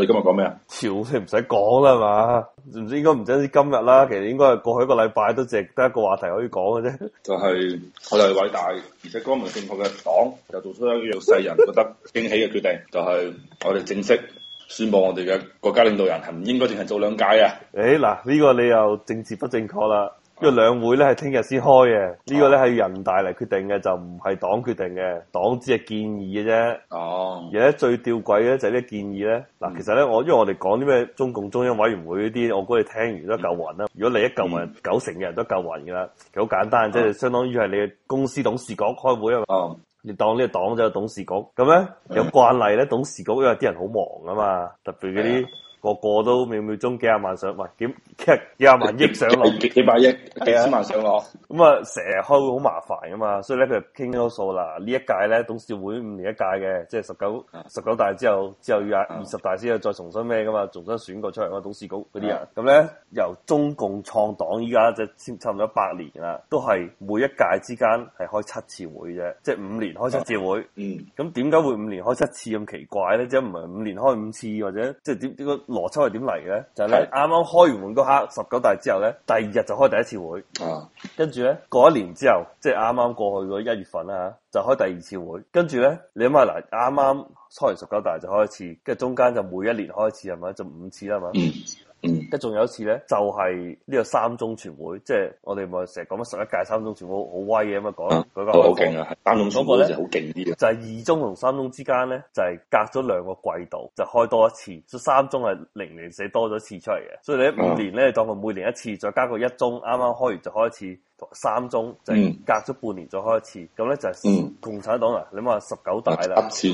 你今日講咩啊？朝鮮唔使講啦嘛，唔知應該唔使今日啦。其實應該係過去一個禮拜都值得一個話題可以講嘅啫。就係我哋偉大而且光明正確嘅黨，就做出一樣世人覺得驚喜嘅決定， 就係我哋正式宣布我哋嘅國家領導人係唔應該淨係做兩屆啊！誒、哎，嗱呢個你又政治不正確啦。因為兩會咧係聽日先開嘅，呢個咧係人大嚟決定嘅，就唔係黨決定嘅，黨只係建議嘅啫。哦。而咧最弔詭嘅就係呢個建議咧，嗱，其實咧我，因為我哋講啲咩中共中央委員會嗰啲，我估你聽完都一嚿雲啦。如果你一嚿雲，九成嘅人都嚿雲噶啦，其實好簡單，即係相當於係你嘅公司董事局開會啊嘛。哦。你當呢個黨就係董事局咁咧，有慣例咧，董事局因為啲人好忙啊嘛，特別嗰啲。個個都秒秒鐘幾廿萬上，幾幾廿萬億上落，幾百億、幾千萬上落。咁啊，成日、 嗯、開會好麻煩噶嘛，所以咧佢就傾多數啦。數一屆呢一屆咧，董事會五年一屆嘅，即係十九十九大之後，之後二二十大之後再重新咩噶嘛，重新選個出嚟個董事局嗰啲人。咁咧、啊、由中共創黨依家即係差唔多百年啦，都係每一屆之間係開七次會啫，即係五年開七次會。咁點解會五年開七次咁奇怪咧？即係唔係五年開五次或者即係點點個？邏輯係點嚟嘅？就係咧啱啱開完門嗰刻，十九大之後咧，第二日就開第一次會，啊、跟住咧過一年之後，即係啱啱過去個一月份啦、啊、嚇，就開第二次會，跟住咧你諗下嗱，啱啱初完十九大就開一次，跟住中間就每一年開一次係咪？就五次啦係嘛？嗯嗯，一仲有一次咧，就係、是、呢個三中全會，即係我哋咪成日講乜十一屆三中全會好威嘅，咁啊講佢講，好勁啊，三中全會就係好勁啲嘅，就係二中同三中之間咧，就係、是、隔咗兩個季度就開多一次，咁三中係零零舍多咗一次出嚟嘅，所以你五年咧，啊、當佢每年一次，再加個一中啱啱開完就開一次。三中，就係、是、隔咗半年再開一次，咁咧、嗯、就係共產黨啊，嗯、你話十九大啦，七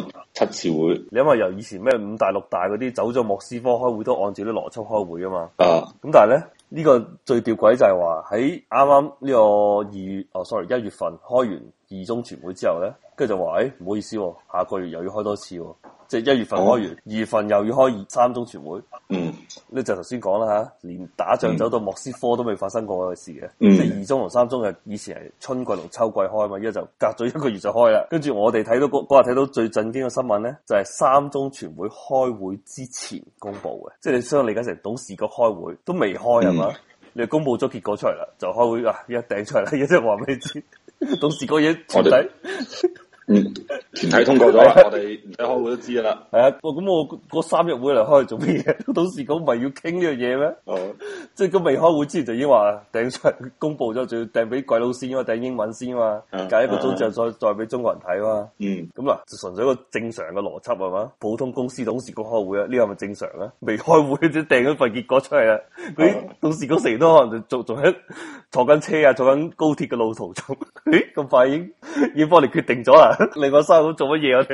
次會，你因為由以前咩五大六大嗰啲走咗莫斯科開會，都按照啲邏輯開會啊嘛，咁、啊、但係咧呢、這個最吊詭就係話喺啱啱呢個二月哦 sorry 一月份開完。二中全會之後咧，跟住就話：誒、哎，唔好意思，哦，下個月又要開多次，哦，即係一月份開完，嗯、二月份又要開三中全會。嗯，呢就頭先講啦吓，連打仗走到莫斯科都未發生過嘅事嘅，嗯、即係二中同三中係以前係春季同秋季開嘛，依家就隔咗一個月就開啦。跟住我哋睇到嗰日睇到最震驚嘅新聞咧，就係、是、三中全會開會之前公布嘅，即係你相當於理解成董事局開會都未開，係嘛，嗯、你公布咗結果出嚟啦，就開會啊而家掟出嚟，而家即係話畀你知。到時個嘢團體，嗯，團體通過咗啦。 我哋唔使開會都知噶啦。係啊，咁我嗰三日會嚟開做咩嘢？到時唔係要傾呢樣嘢咩？哦、嗯。即係都未開會之前就已經話訂出，公佈咗仲要訂俾鬼佬先，因為訂英文先啊嘛，嗯、隔一個鐘之後再再俾中國人睇啊嘛。嗯，咁啊，純粹一個正常嘅邏輯係嘛？普通公司董事局開會啊，呢個係咪正常啊？未開會就訂一份結果出嚟啊！佢、嗯、董事局成日都可能仲仲喺坐緊車啊，坐緊高鐵嘅路途中，咦？咁快已經已經幫你決定咗啦？ 另外三日做乜嘢啊？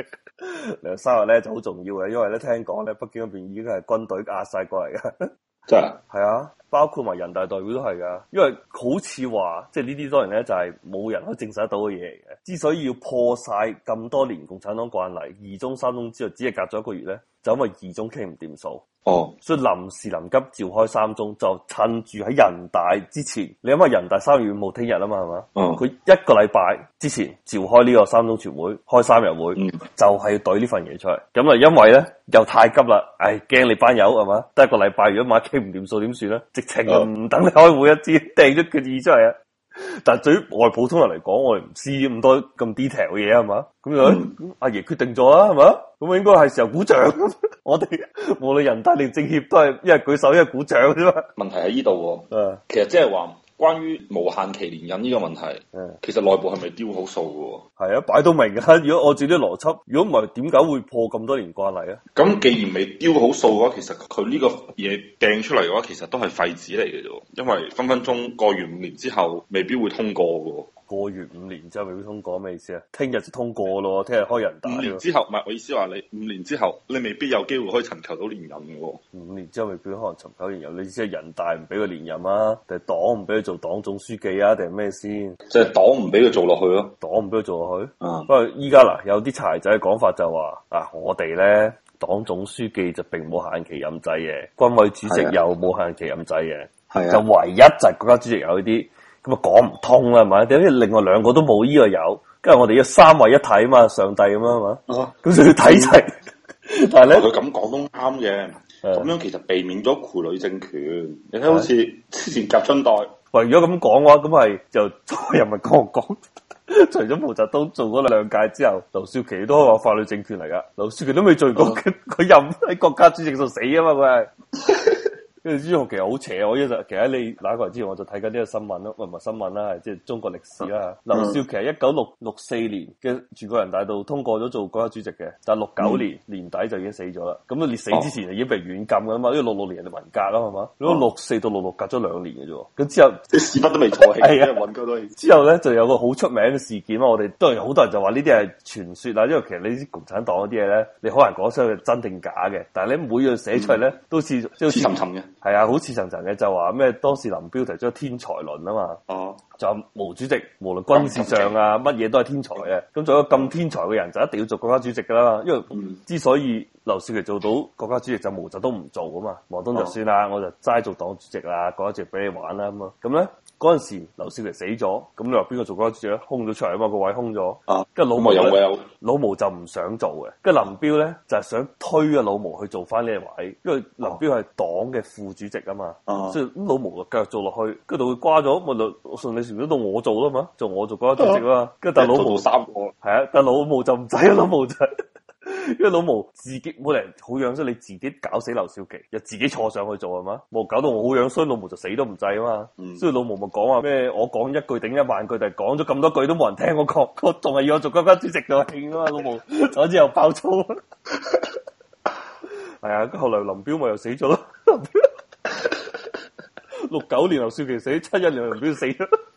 兩 三日咧就好重要嘅，因為咧聽講咧北京嗰邊已經係軍隊壓晒過嚟嘅。即係，係啊，包括埋人大代表都係噶，因為好似話，即係呢啲多人咧，就係冇人可以證實得到嘅嘢嚟嘅。之所以要破晒咁多年共產黨慣例，二中三中之後只係隔咗一個月咧，就因為二中傾唔掂數。哦，oh。所以臨時臨急召開三中，就趁住喺人大之前，你諗下人大三月冇聽日啊嘛，係嘛？嗯，佢一個禮拜之前召開呢個三中全會，開三日會，mm，就係要懟呢份嘢出嚟。咁啊，因為咧又太急啦，唉，驚你班友係嘛？得一個禮拜，如果馬傾唔掂數點算咧？呢直情唔等你開會一知掟咗個字出嚟啊！但係對於我哋普通人嚟講，我哋唔知咁多咁 detail 嘅嘢，係嘛？咁樣、嗯、阿爺決定咗啦，係嘛，咁應該係時候鼓掌， 我哋無論人大定政協都係一係舉手一係鼓掌啫嘛。問題喺呢度，誒，是的 其實即係話。關於無限期連任呢個問題，Yeah. 其實內部係咪丟好數嘅？係啊，擺到明啊！如果按照啲邏輯，如果唔係，點解會破咁多年慣例啊？咁既然未丟好數嘅話，其實佢呢個嘢掟出嚟嘅話，其實都係廢紙嚟嘅啫，因為分分鐘過完五年之後，未必會通過嘅。過完五年之後未必通過，講咩意思啊？聽日就通過咯，聽日開人大五。五年之後，唔係我意思話你五年之後你未必有機會可以尋求到連任嘅，哦。五年之後未必可能尋求連任，你意思係人大唔俾佢連任啊？定係黨唔俾佢做黨總書記啊？定係咩先？即係黨唔俾佢做落去咯，啊，黨唔俾佢做落去。嗯、啊。不過依家嗱，有啲柴仔嘅講法就話啊，我哋咧黨總書記就並冇限期任制嘅，軍委主席、啊、又冇限期任制嘅，啊、就唯一就國家主席有呢啲。咁啊，講唔通啦，係咪？點解另外兩個都冇呢個有？跟住我哋要三位一體啊嘛，上帝咁樣啊嘛。咁就要睇齊。 但係咧呢，佢咁講都啱嘅。咁的樣其實避免咗傀儡政權。你睇好似之前革命代。喂，如果咁講嘅話，咁係就多人國共。除咗毛澤東做咗兩屆之後，劉少奇都話法律政權嚟㗎。劉少奇都未做過，佢佢的任喺國家主席就死啊嘛佢。跟住之後其實好邪，我依就其實你拿過嚟之後，我就睇緊呢個新聞咯，唔係新聞啦，即係中國歷史啦。嗯、劉少奇一九六六四年嘅全國人大度通過咗做國家主席嘅，但係六九年、嗯、年底就已經死咗啦。咁你死之前就已經被軟禁噶嘛，因為六六年就文革啦，係嘛？如果六四到六六隔咗兩年嘅啫，咁之後啲屎忽都未坐起，揾佢都係。 之後咧就有個好出名嘅事件啊！我哋都係好多人就話呢啲係傳説啦，因為其實你啲共產黨嗰啲嘢咧，你好難講出係真定假嘅。但係你每樣寫出嚟咧、嗯、都似。即係沉沉嘅。係啊，好似層層嘅就話咩？當時林彪提出天才論啊嘛，就、哦、毛主席無論軍事上啊，乜嘢都係天才嘅。咁做咗咁天才嘅人，就一定要做國家主席噶啦。因為之所以劉少奇做到國家主席，就毛澤東唔做啊嘛。毛澤東就算啦，哦、我就齋做黨主席啦，過一節俾你玩啦咁啊。咁咧？嗰陣時，劉少奇死咗，咁你話邊個做國家主席咧？空咗出嚟啊嘛，個位空咗。啊，跟住老毛、嗯、有冇有位？老毛就唔想做嘅，跟住林彪咧就係、是、想推啊老毛去做翻呢位，因為林彪係黨嘅副主席啊嘛。啊，所以老毛就繼續做落去，跟住就瓜咗，咪就順理成章到我做咯嘛，做我做國家主席啊嘛。跟住、啊、但係老毛三個，係啊，但係老毛就唔使啊老毛就。因為老毛自己冇嚟，好樣衰，你自己搞死劉少奇，又自己坐上去做係嘛？冇搞到我好樣衰，老毛就死都唔制啊嘛！所以、嗯、老毛咪講話咩？我講一句頂一萬句，但係講咗咁多句都冇人聽，我確確仲係要我做國家主席就興啊嘛！老毛， 我之後爆粗，係 啊、 哎！咁後來林彪咪又死咗咯，六 九 年劉少奇死，七一年林彪死咗。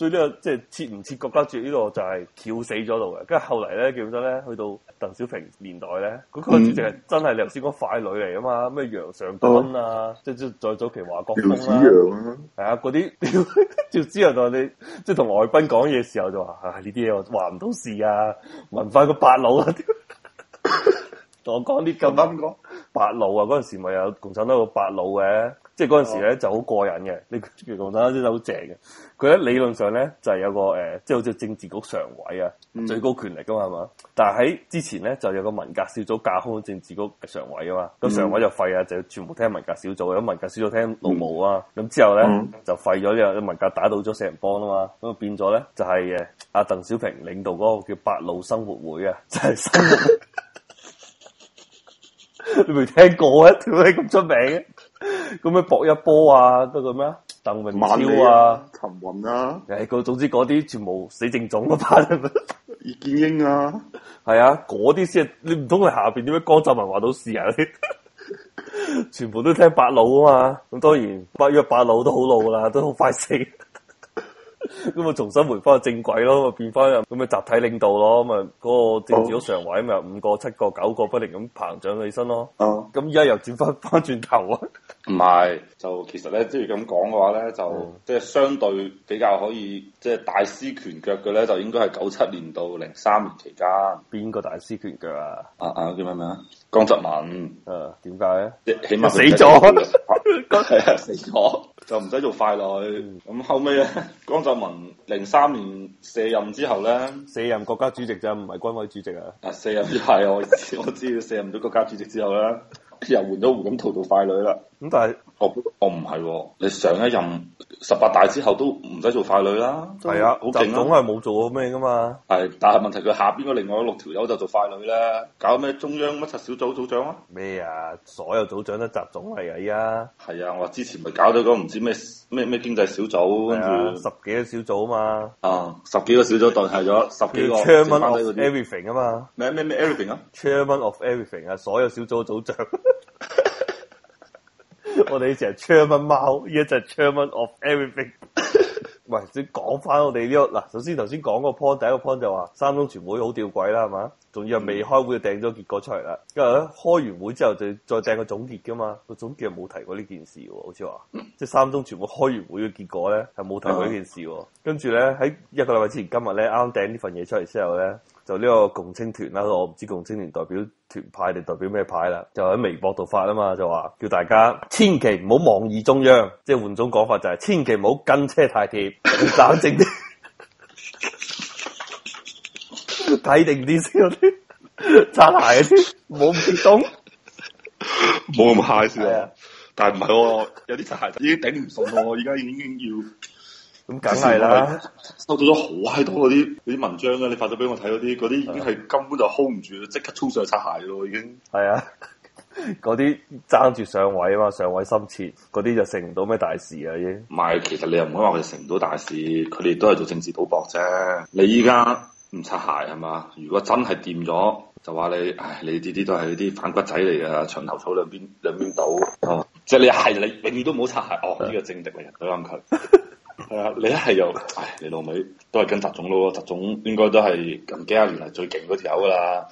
所以、這個就是切切就是、呢個即係設唔設國家主席呢個就係撬死咗度嘅。跟住後嚟咧，記，記得咧，去到鄧小平年代咧，嗰、嗯、個主席係真係你頭先講傀儡嚟啊嘛，咩楊尚昆啊，嗯、即係即再早期華國鋒啦，係啊，嗰啲、啊，之後就你即係同外賓講嘢時候就話，唉呢啲嘢話唔到事啊，文化個八老啊，同 我講啲咁啱講八老啊，嗰陣 時咪有共產黨個八老嘅。即係嗰陣時咧就好過癮嘅，你共產黨啲嘢好正嘅。佢喺理論上咧就係、是、有個誒、呃，即係好似政治局常委啊，嗯、最高權力噶嘛，係嘛。但係喺之前咧就有個文革小組架空政治局常委啊嘛，咁常委就廢啊，就全部聽文革小組，有文革小組聽老毛啊。咁之後咧、嗯、就廢咗呢樣，文革打倒咗四人幫啊嘛，咁變咗咧就係誒阿鄧小平領導嗰個叫八路生活會啊，就係、 你未聽過啊？點解咁出名嘅？咁樣薄一波啊，嗰、那個咩啊，鄧穎超啊，陳雲啊，唉、啊，嗰總之嗰啲全部死剩種嗰班，葉 劍英啊，係啊，嗰啲先係你唔通佢下邊點解江澤民話到事啊？ 全部都聽八老啊嘛，咁當然八約八老都好老啦，都好快死。咁啊，重新回翻個正軌咯，變翻咁咪集體領導咯，咁啊嗰個政治常委，咪五個、七個、九個不停咁膨脹起身咯。咁而家又轉翻翻轉頭啊？唔係，就其實咧，即係咁講嘅話咧，就、嗯、即係相對比較可以，即係大師拳腳嘅咧，就應該係九七年到零三年期間，邊個大師拳腳啊，啊？啊啊，叫咩名？江澤民。誒，點解咧？起碼死咗。係啊，死咗。就唔使做傀儡。咁、嗯嗯、後屘啊江澤民零三年卸任之後咧，卸任國家主席就唔係軍委主席啊，啊卸任係我 我知佢卸任咗國家主席之後咧， 又換咗胡錦濤做傀儡啦。咁但係我我唔係，哦，你上一任十八大之後都唔使做傀儡啦。係啊，習總係冇做過咩噶嘛？係，但係問題佢下邊個另外六條友就做傀儡啦，搞咩中央乜七小組組長啊？咩啊？所有組長都習總嚟啊，依家。係啊，我之前咪搞咗個唔知咩咩咩經濟小組，跟住，啊，十幾個小組嘛。啊，嗯，十幾個小組代替咗十幾個。Chairman of everything 啊？嘛？咩咩咩？Everything 啊？Chairman of everything 啊？所有小組組長。 我哋成日 chairman 貓，一就係 chairman of everything。唔係，講翻我哋呢、這個嗱。首先頭先講個 point，第一個 point 就話，三中全會好吊詭啦，係嘛？仲要係未開會就訂咗結果出嚟啦。跟住咧開完會之後，就再訂個總結噶嘛。個總結冇提過呢件事，好似話， 即係三中全會開完會嘅結果咧，係冇提過呢件事。跟住咧喺一個禮拜之前今呢，今日咧啱訂呢份嘢出嚟之後咧。就呢個共青團啦，我唔知共青團代表團派定代表咩派啦，就喺微博度發啊嘛，就話叫大家千祈唔好妄議中央，即係換種講法就係、是、千祈唔好跟車太貼，冷靜啲，睇 定啲先，擦鞋先，冇咁激動，冇咁嗨先啊！的但係唔係我有啲擦鞋已經頂唔順咯，而家已經要。咁梗係啦！收到咗好閪多嗰啲啲文章啦，你發咗俾我睇嗰啲，嗰啲已經係根本就 hold 唔住，即刻衝上嚟擦鞋咯，已經係啊！嗰啲 爭住上位啊嘛，上位心切，嗰啲就成唔到咩大事啊，已經唔係，其實你又唔可以話佢成唔到大事，佢哋都係做政治賭博啫。你依家唔擦鞋係嘛？如果真係掂咗，就話你，唉，你呢啲都係啲反骨仔嚟嘅，長頭草兩邊兩邊倒啊！即係、 哦、你係你永遠都唔好擦鞋哦！呢、這個政敵嚟嘅，懟硬佢。 係啊，你一係又，唉，你老味都係跟習總咯，習總應該都係近幾十年嚟最勁嗰條友噶啦。